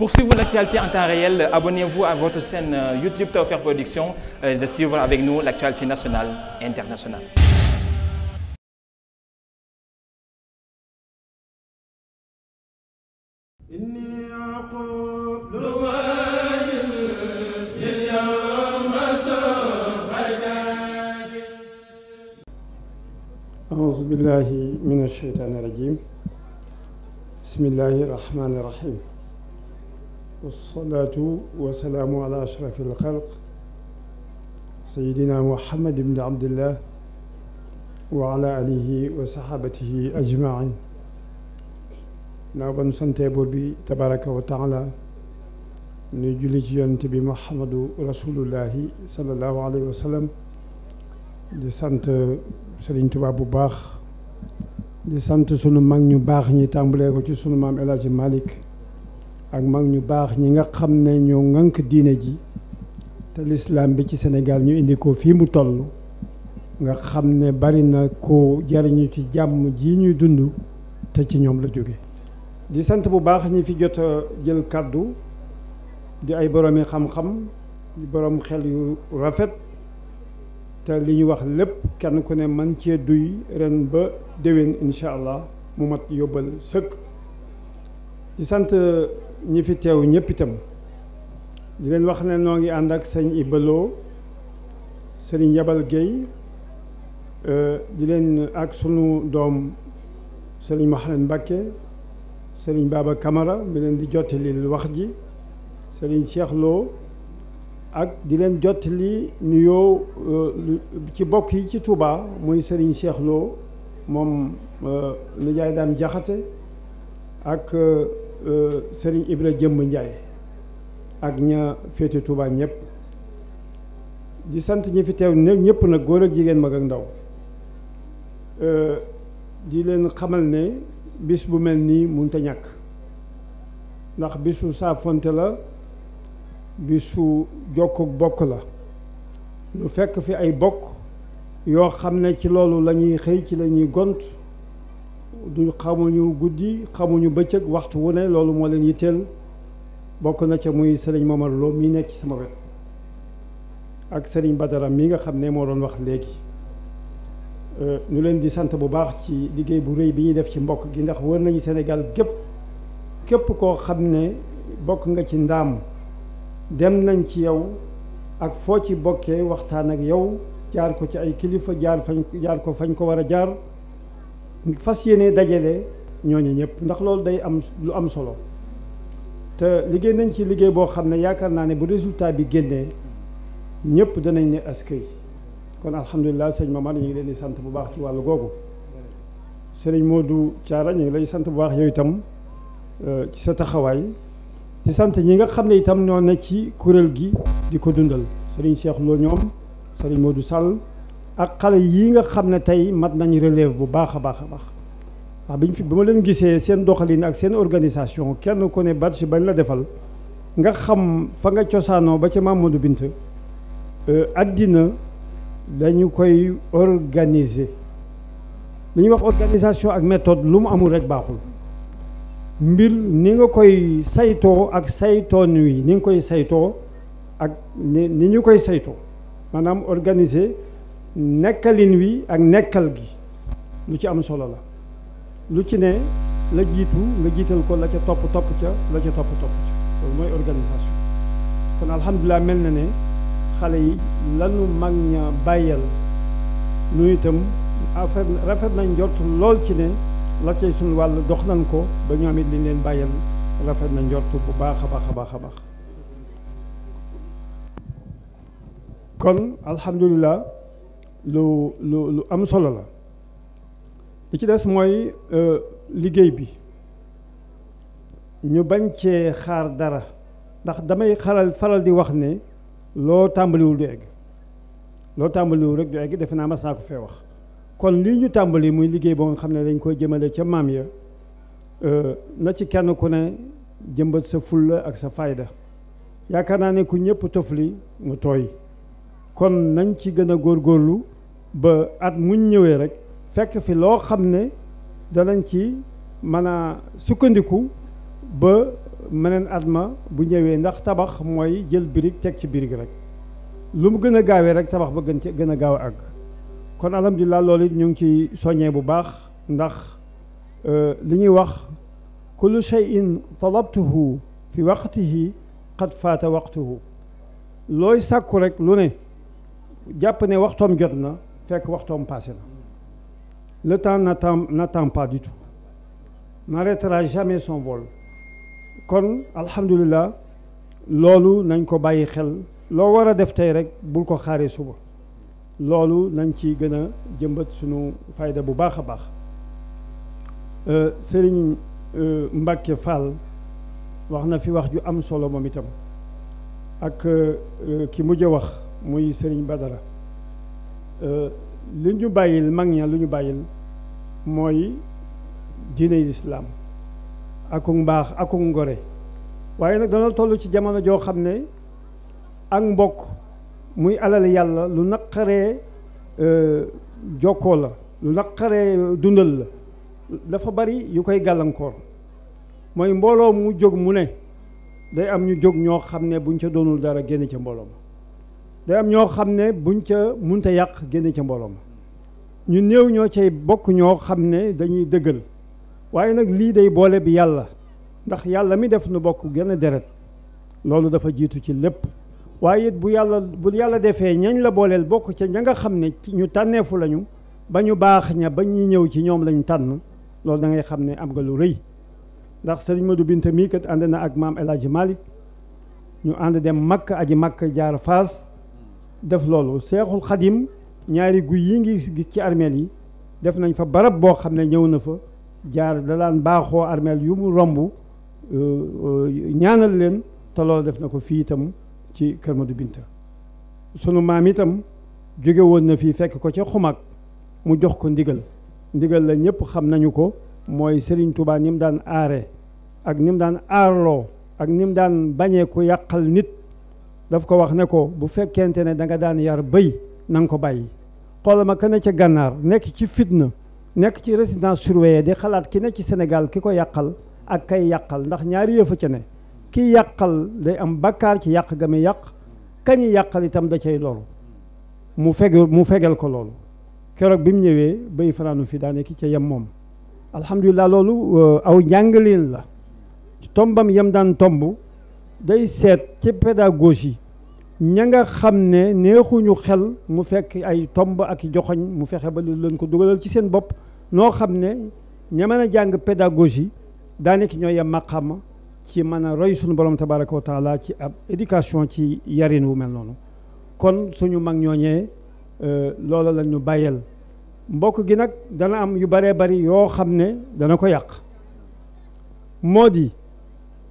Pour suivre l'actualité en temps réel, abonnez-vous à votre chaîne euh, YouTube Tawfekh Production et euh, de suivre avec nous l'actualité nationale et internationale. أعوذ بالله من الشيطان الرجيم بسم الله الرحمن الرحيم wasalaatu wasalaamu ala ashrafi alxalq sayidina muhammad ibni abdillah wa ala alihi wa saxaabatihi ajmain naaw ba nu santee buur bi tabaraka wa taala nu julli ci yonent bi muhammadu rasulullahi salallahu alayhi wa sallam di sant Sëriñ bu baax di sant sunu mag ñu baax ñi tàmbalee ko ci sunu maam El Hadji ak mag ñu baax ñi nga xam ne ñoo ŋànk diine ji te lislaam bi ci Sénégal ñu indi ko fii mu toll nga xam ne bari na ko jariñu ci jàmm ji ñuy dund te ci ñoom la jóge di sant bu baax ñi fi jot a jël kàddu di ay boroomi xam-xam di xel yu rafet te li ñu wax lépp kenn ku ne man cee duy ren ba déwén incha allah mu mat yóbbal sëkk di sant ñi fi teew ñëpp di leen wax ne noo ngi ànd ak sëñ Ibalo sëriñ Yabal Guèye euh, di leen ak sunu doom sëriñ Mouhamed Mbacke sëriñ Baba Camara mi leen di jottali wax ji sëriñ Cheikh ak di leen jottali nuyoo euh, ci bokk yi ci Touba muy sëriñ Cheikh moom euh, nijaay daam jaxate ak Euh, Serigne Ibra Jëmm Njaay ak ña féete Touba ñëpp di sant ñi fi teew ñëpp nag góor ak jigéen mag ak ndaw euh, di leen xamal ne bis bu mel nii mënut ñàkk ndax bisu saafonte la bisu jokk bokk la lu fekk fi ay bokk yoo xam ne ci loolu lañuy xëy ci lañuy gont du xamuñu guddi xamuñu bëccëg waxtu wu ne loolu moo leen yitteel bokk na ca muy sëriñ Momar muy nekk ci sama wet ak sëriñ Badara mi nga xam ne moo doon wax léegi euh, ñu leen di sant bu baax ci liggéey bu rëy bi ñuy def ci mbokk gi ndax wër nañu Sénégal gépp képp koo xam ne bokk nga ci ndaam dem nañ ci yow ak foo ci bokkee waxtaan ak yow jaar ko ci ay kilifa jaar fañ jaar ko fañ ko war a jaar fas yéene dajale ñooñu ñëpp ndax loolu day am lu am solo te liggéey nañ ci liggéey boo xam ne yaakaar naa ne bu résultat bi génnee ñëpp danañ ne askay kon alhamdulilah sëñ Mamad ñu ngi leen di sant bu baax ci wàllu googu sëriñ moo du ñu ngi lay sant bu baax yooyu tam euh, ci sa taxawaay di sant ñi nga xam ne itam ñoo ne ci kuréel gi di ko dundal sëriñ Cheikh Lo ñoom sëriñ du Sall. ak xale yii nga xam ne tey mat nañu relève bu baax a baax a baax waaw bi ñu fi bi ma leen gisee seen doxalin ak seen organisation kenn ko ne badge bañ la defal nga xam fa nga cosaanoo ba ca Mamadou Binta euh, addina dañu koy organiser li ñuy wax organisation ak méthode lu mu amul rek baaxul mbir ni nga koy saytoo ak saytoon wi ni nga koy saytoo ak ni ni ñu koy saytoo maanaam organiser nekkalin wi ak nekkal gi lu ci am solo la lu ci ne la jiitu nga jiital ko la ca topp topp ca la ca topp topp ca loolu mooy organisation kon alhamdulilah mel na ne xale yi lanu mag ña bàyyal nu itam affaire rafet nañ njort lool ci ne la cay suñu wàll dox nañ ko ba ñoom it liñ leen bàyyal rafet na njort bu baax a baax a baax a baax kon alhamdulilah lu lu lu am solo la li ci des mooy euh, liggéey bi ñu bañ cee xaar dara ndax damay xaral faral di wax ne loo tàmbaliwul du egg loo tàmbaliwul rek du egg defe naa mas naa ko fee wax kon lii ñu tàmbali muy liggéey boo xam ne dañ koy jëmale ca maam ya euh, na ci kenn ku ne jëmbat sa fulla ak sa fayda yaakaar naa ne ku ñëpp tofli mu tooy kon nañ ci gën a góorlu ba at muñ ñëwee rek fekk fi loo xam ne danañ ci mën a sukkandiku ba meneen at ma bu ñëwee ndax tabax mooy jël birig teg ci birig rek lu mu gën a gaawee rek tabax ba gën ci gën a gaaw a àgg kon alhamdulilah loolu it ñu ngi ci soññee bu baax ndax euh, li ñuy wax kullu shay'in talabtuhu fi waqtihi qad faata waqtuhu looy sàkku rek lu ne jàpp ne waxtoom jot na fekk waxtoom passé na le temps n'attend na pas du tout n'arrêtera jamais son vol kon alhamdulilah loolu nañ ko bàyyi xel loo war a def tey rek bul ko xaaree suba loolu nañ ci gën a jëmbat sunu fayda bu baax a baax euh, sëriñ euh, mbakke Fall wax na fi wax ju am solo moom itam ak euh, ki mujj wax muy sëriñ Badara euh, li ñu bàyyil mag ña lu ñu bàyyil mooy diiney ak akuk mbaax akuk ngore waaye nag dana toll ci jamono joo xam ne ak mbokk muy alal yàlla lu naqaree euh, jokkoo la lu naqaree dundal la dafa bari yu koy gàllankoor mooy mbooloo mu jóg mu ne day am ñu jóg ñoo xam ne buñ ca doonul dara génn ca mbooloo ma day ñoo xam ne buñ ca munte yàq génne ca mbooloo ma ñu néew ñoo cay bokk ñoo xam ne dañuy dëggal waaye nag lii dey boole bi yàlla ndax yàlla mi def nu bokk genn deret loolu dafa jiitu ci lépp waaye it bu yàlla bu yàlla defee ñañ la booleel bokk ca ña nga xam ne ñu tànneefu lañu ba ñu baax ña ba ñuy ñëw ci ñoom lañu tànn loolu da ngay xam ne am nga lu rëy ndax sëriñ Modou Binta mii kat ànd na ak maam El Hadji Malick ñu ànd dem Makka aji Makka jaar Faas def loolu seexul xadim ñaari guy yi ngi gis ci armeel yi def nañ fa barab boo xam ne ñëw na fa jaar da daan baaxoo armeel yu mu romb euh, euh, ñaanal leen te loolu def na ko fii itam ci Kër Madu Binta sunu maam itam jóge woon na fii fekk ko ci xumaag mu jox ko ndigal ndigal la ñëpp xam nañu ko mooy Serigne Touba ni mu daan aare ak ni mu daan aaraloo ak ni mu daan bañee ku yàqal nit daf ko wax ne ko bu fekkente ne danga daan yar bëy na nga ko bàyyi xoolal ma ka ne ca gànnaar nekk ci fitna nekk ci résidence surveillée di xalaat ki ne ci Sénégal ki ko yàqal ak kay yàqal ndax ñaari yëfa ca ne ki yàqal day am bakkaar ci yàq ga muy yàq kañi yàqal itam da cay loolu mu fege mu fegel ko loolu keroog bi mu ñëwee bay fanaanu fi daaneki ca yem moom alhamdulilah loolu euh, aw njàngaleen la tombam yem daan tomb day seet ci pédagogie ña nga xam ne neexuñu xel mu fekk ay tomb ak joxoñ mu fexe ba leen ko dugalal ci seen bopp noo xam ne ña mën a jàng pédagogie daanaka ñooy yem maqama ci mën a roy suñu borom tabaraka wa taala ci ab éducation ci yarin wu mel noonu kon suñu mag ñooñee euh, loolu la ñu bàyyeel mbokk gi nag dana am yu baree bari yoo xam ne dana ko yàq moo di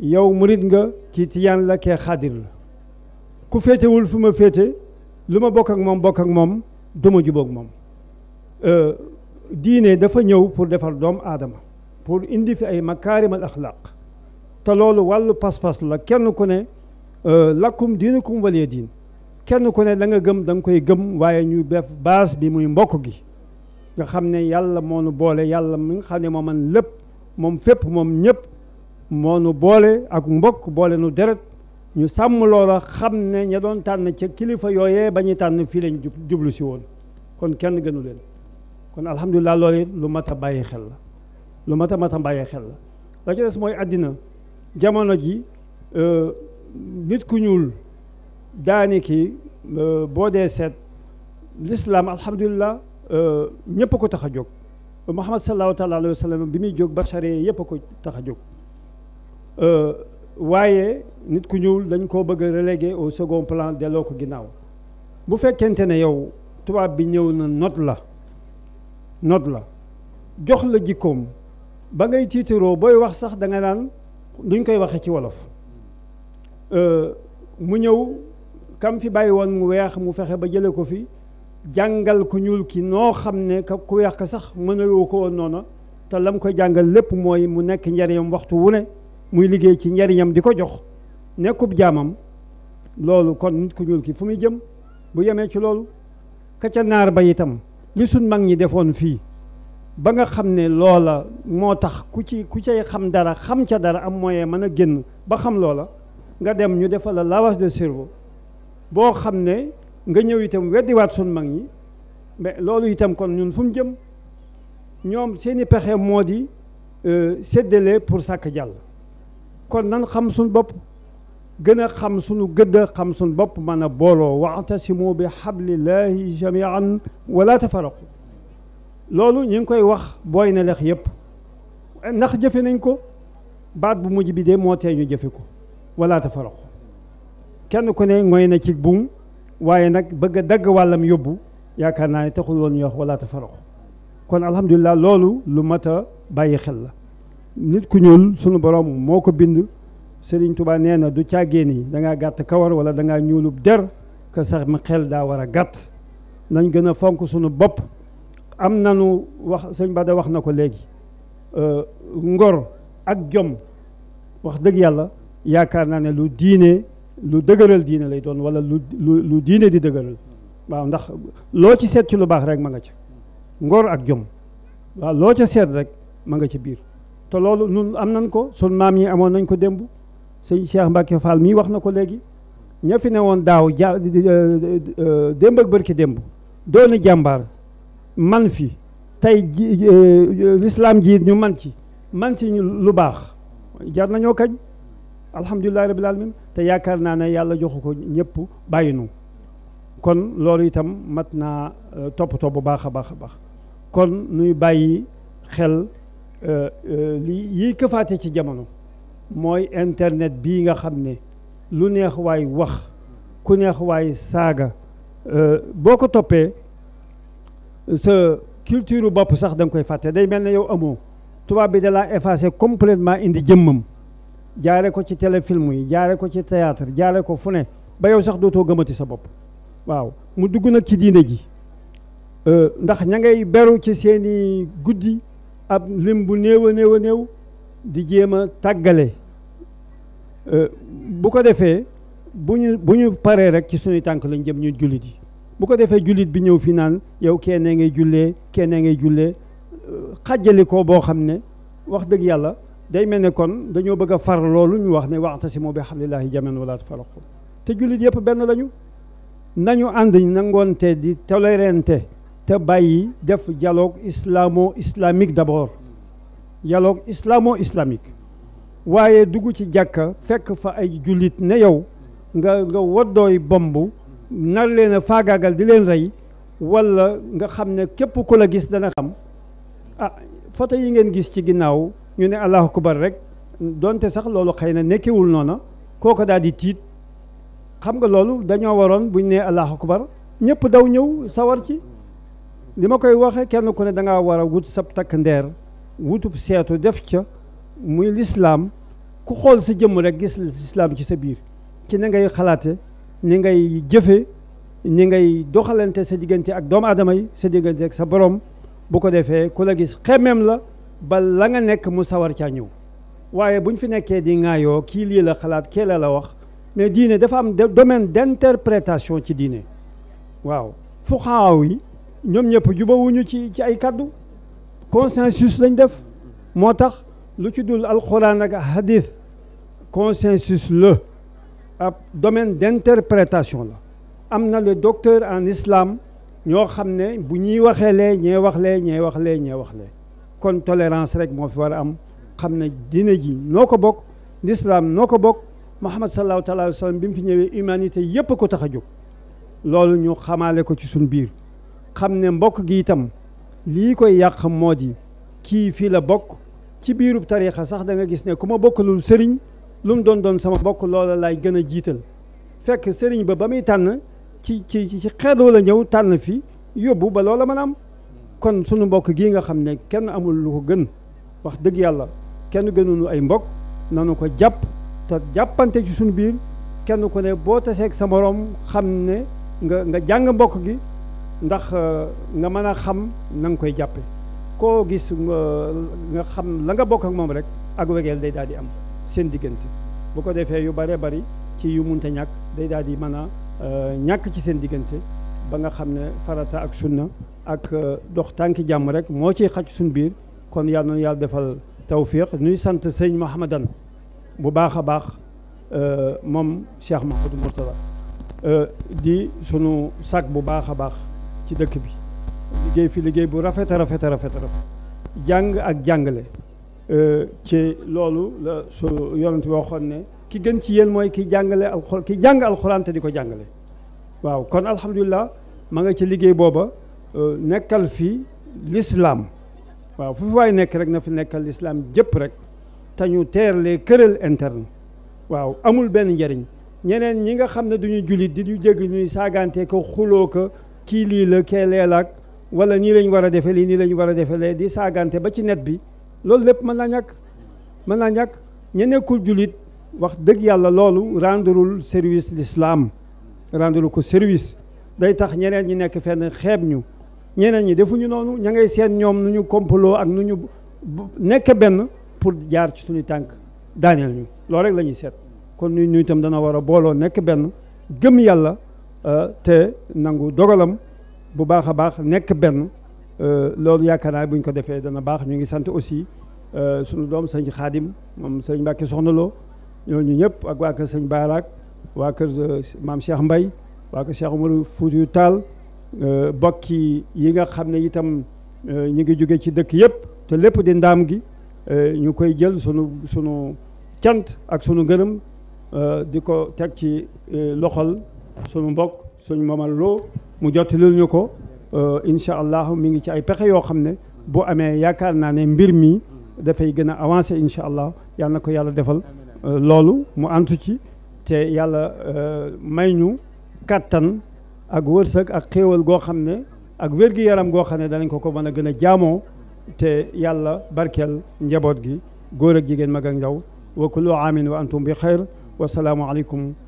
yow murit nga kii tijaan la kee xaadir la ku féetewul fu ma féete lu ma bokkak moom bokk ak moom duma jubóog moom euh, diine dafa ñëw pour defar doomu aadama pour indi fi ay makaarimal axlaq te loolu wàllu pas-pas la kenn ku ne euh, lakkum diinukum walee diin kenn ku ne la nga gëm da nga koy gëm waaye ñuy def base bi muy mbokk gi nga xam ne yàlla moo nu boole yàlla mi nga xam ne moo man lépp moom fépp moom ñëpp moo nu boole ak mbokk boole nu deret ñu sàmm loola xam ne ña doon tànn ca kilifa yooyee ba ñuy tànn fii lañ jublu si woon kon kenn gënu leen kon alhamdulilah loolu lu mat a bàyyi xel la lu mat a mat a bàyyi xel la la ca des mooy àddina jamono ji euh, nit ku ñuul daaniki euh, boo dee seet l'islam alhamdulilah euh, ñëpp a ko tax a jóg Muhammad sallallahu taala alayhi bi muy jóg bachare yëpp a ko tax a jóg Euh, waaye nit ku ñuul dañ koo bëgg a relégué au second plan delloo ko ginnaaw bu fekkente ne yow tubaab bi ñëw na not la not la jox la jikkoom ba ngay tiitaroo booy wax sax da nga naan duñ koy waxee ci wolof euh, mu ñëw kam fi bàyyi woon mu weex mu fexe ba jële ko fi jàngal ku ñuul ki noo xam ne ku weex ka sax mën a ko woon noona te lam koy jàngal lépp mooy mu nekk njariñam waxtu wu ne muy liggéey ci njariñam di ko jox nekkub jaamam loolu kon nit ku ñuul ki fu muy jëm bu yemee ci loolu ka ca naar ba itam li suñ mag ñi defoon fii ba nga xam ne loola moo tax ku ci ku cay xam dara xam ca dara am moyen mën a génn ba xam loola nga dem ñu defal la lavage de cerveau boo xam ne nga ñëw itam weddiwaat suñ mag ñi mais loolu itam kon ñun fu mu jëm ñoom seeni pexe moo di euh, séddale pour sàkk jàll kon nan xam suñu bopp gën a xam suñu gëdd xam suñu bopp mën a booloo waxtasimu bi xablillahi jamian wala tafaraqu loolu ñu ngi koy wax booy na lex yëpp ndax jëfe nañ ko baat bu mujj bi de moo tee ñu ko wala tafaraqu kenn ku ne ngoy na ci buum waaye nag bëgg dagg wàllam yóbbu yaakaar naa ne taxul woon ñu wax wala tafaraqu kon alhamdulilah loolu lu mat a bàyyi xel la nit ku ñuul sunu borom moo ko bind Serigne tubaa nee na du càggee nii da ngaa gàtt kawar wala dangaa ñuulub der que sax ma xel daa war a gàtt nañ gën a fonk sunu bopp am na nu wax sëñ Bada wax na ko léegi euh, ngor ak jom wax dëgg yàlla yaakaar naa ne lu diine lu dëgëral diine lay doon wala lu lu diine di dëgëral waaw ndax loo ci seet ci lu baax rek ma nga ca ngor ak jom waaw loo ca seet rek ma nga ca biir te loolu nun am nañ ko sun maam yi amoon nañ ko démb sëñ Cheikh Mbacke Fall mii wax na ko léegi ña fi ne woon daaw ja euh, euh, démb ak bërki démb dooni jàmbaar man fi tey euh, lislaam ji ñu man ci man ci lu baax jar nañoo kañ alhamdulilahi rabbil alamin te yaakaar naa ne yàlla joxu ko ñëpp bàyyi nu kon loolu itam mat naa toppatoo bu baax a baax a baax kon nuy bàyyi xel Euh, euh, lii yiy këfaate ci jamono mooy internet bii nga xam ne lu neex waay wax ku neex waay saaga euh, boo ko toppee sa culture bopp sax da koy fàtte day mel ne yow amoo tubaab bi da laa effacé complètement indi jëmmam jaare ko ci téléfilm yi jaare ko ci théâtre jaare ko fu ne ba yow sax dootoo gëmati sa bopp waaw mu dugg nag ci diine ji ndax ña ngay beru ci seeni guddi ab lim bu néew a néew di jéem a tàggale euh, bu ko defee bu ñu bu ñu paree rek ci suñuy tànk lañ jëm ñun jullit yi bu ko defee jullit bi ñëw fi naan yow kenn ngay jullee kenn ngay jullee euh, xàjjali ko boo xam ne wax dëgg yàlla day mel ne kon dañoo bëgg a far loolu ñu wax ne wa'tasimu bi hablillahi jamii'an wa laa tafarraqu te jullit yëpp benn lañu nañu ànd nangoonte di tolérante te bàyyi def dialogue islamo islamique d'abord dialogue islamo islamique waaye dugg ci jàkka fekk fa ay jullit ne yow nga nga waddooy bomb nar leen a faagaagal di leen rey walla nga xam ne képp ku la gis dana xam ah photo yi ngeen gis ci ginnaaw ñu ne allahu akbar rek donte sax loolu xëy na nekkewul noona kooko daal di tiit xam nga loolu dañoo waroon buñ ne allahu akbar ñëpp daw ñëw sawar ci li ma koy waxee kenn ku ne da war a wut sab takk ndeer wutub seetu def ca muy lislaam ku xool sa jëmm rek gis lislaam ci sa biir ci na ngay xalaate ni ngay jëfe ni ngay doxalante sa diggante ak doom aadama yi sa diggante ak sa borom bu ko defee ku la gis xemeem la ba la nga nekk mu sawar caa ñëw waaye bu ñu fi nekkee di ŋaayoo kii lii la xalaat kee la la wax mais diine dafa am domaine d'interprétation ci diine waaw fuxaaw yi ñoom ñëpp jubawuñu ci ci ay kàddu consensus lañ def moo tax lu ci dul alxuraan ak hadith consensus la ab domaine d'interprétation la am na le docteur en islam ñoo xam ne bu ñuy waxee lee ñee wax lee ñee wax lee ñee wax lee kon tolérance rek moo fi war a am xam ne dina ji noo ko bokk l'islam noo ko bokk Muhammad sallallahu alayhi wa sallam bi mu fi ñëwee humanité yépp ko tax a jóg loolu ñu xamaale ko ci suñ biir xam ne mbokk gi itam lii koy yàq moo di kii fii la bokk ci biirub tariixa sax danga gis ne ku ma bokkalul sëriñ lu mu doon doon sama bokk loola laay gën a jiital fekk sëriñ ba ba muy tànn ci ci ci la ñëw tànn fi yóbbu ba loola mën am kon sunu mbokk gii nga xam ne kenn amul lu ko gën wax dëgg yàlla kenn gënulu ay mbokk nanu ko jàpp te jàppante ci sunu biir kenn ku ne boo taseeg sa moroom xam ne nga nga jàng mbokk gi ndax euh, nga mën a xam na nga koy jàppe koo gis euh, nga xam la nga bokk ak moom rek ak wegeel day daal di am seen diggante bu ko defee yu baree bari ci yu munta ñàkk day daal di mën a euh, ñàkk ci seen diggante ba nga xam ne farata ak sunna ak dox tànki jàmm rek moo ciy xaj suñ biir kon yàlla na yàlla defal tawfiq nuy sant sëñ Mouhamadan bu baax a baax moom Cheikh Mahmoud Mourtada di sunu sag bu baax a baax ci dëkk bi liggéey fi liggéey bu rafet a rafet a jàng ak jàngale euh, ci loolu la su yonent bi waxoon ne ki gën ci yéen mooy ki jàngale alxuraan ki jàng alxuraan te di ko jàngale waaw kon alhamdulilah ma nga ci liggéey booba euh, nekkal fi l'islam waaw fu fi waay nekk rek na fi nekkal l'islam jëpp rek te ñu teerlee këral interne waaw amul benn njariñ ñeneen ñi nga xam ne duñu jullit di ñu jégg ñuy saagante ko xuloo ko kii lii la kee lee la wala nii lañu war a defe lii nii lañu war a defe lee di saagante ba ci net bi loolu lépp mën na ñàkk mën na ñàkk ña nekkul jullit wax dëgg yàlla loolu rendrul service l'islam rendrul ko service day tax ñeneen ñi nekk fenn xeeb ñu ñeneen ñi defuñu noonu ña ngay seen ñoom nu ñu kompaloo ak nu ñu nekk benn pour jaar ci suñu tànk daaneel ñu loolu rek la seet kon ñun ñu itam dana war a booloo nekk benn gëm yàlla Euh, te nangu dogalam bu baax a baax nekk benn euh, loolu yaakaar naa buñ ko defee dana baax ñu ngi sant aussi euh, sunu doom sëñ Xaadim moom sëñ Mbàkke Soxna ñooñu ñëpp ak waa kër sëñ Baaraak waa kër maam Cheikh Mbay waa kër Cheikh Oumar Foutiou Tall bokki yi nga xam ne itam ñu ngi jóge ci dëkk yëpp te lépp di ndaam gi ñu koy jël sunu sunu cant ak sunu ngërëm di ko teg ci loxol suñu mbokk suñ mamal loo mu jottilil ñu ko euh, incha allah mi ngi ci ay pexe yoo xam ne bu amee yaakaar naa ne mbir mi dafay gën a avancé incha allah yal na ko yàlla defal euh, loolu mu antu ci te yàlla euh, may ñu kàttan ak wërsëg ak xéewal goo xam ne ak wér-gi-yaram goo xam ne danañ ko ko mën a gën a jaamoo te yàlla barkeel njaboot gi góor ak jigéen mag ak ndaw wa kullu aamin wa antum bi wa salaamu aleykum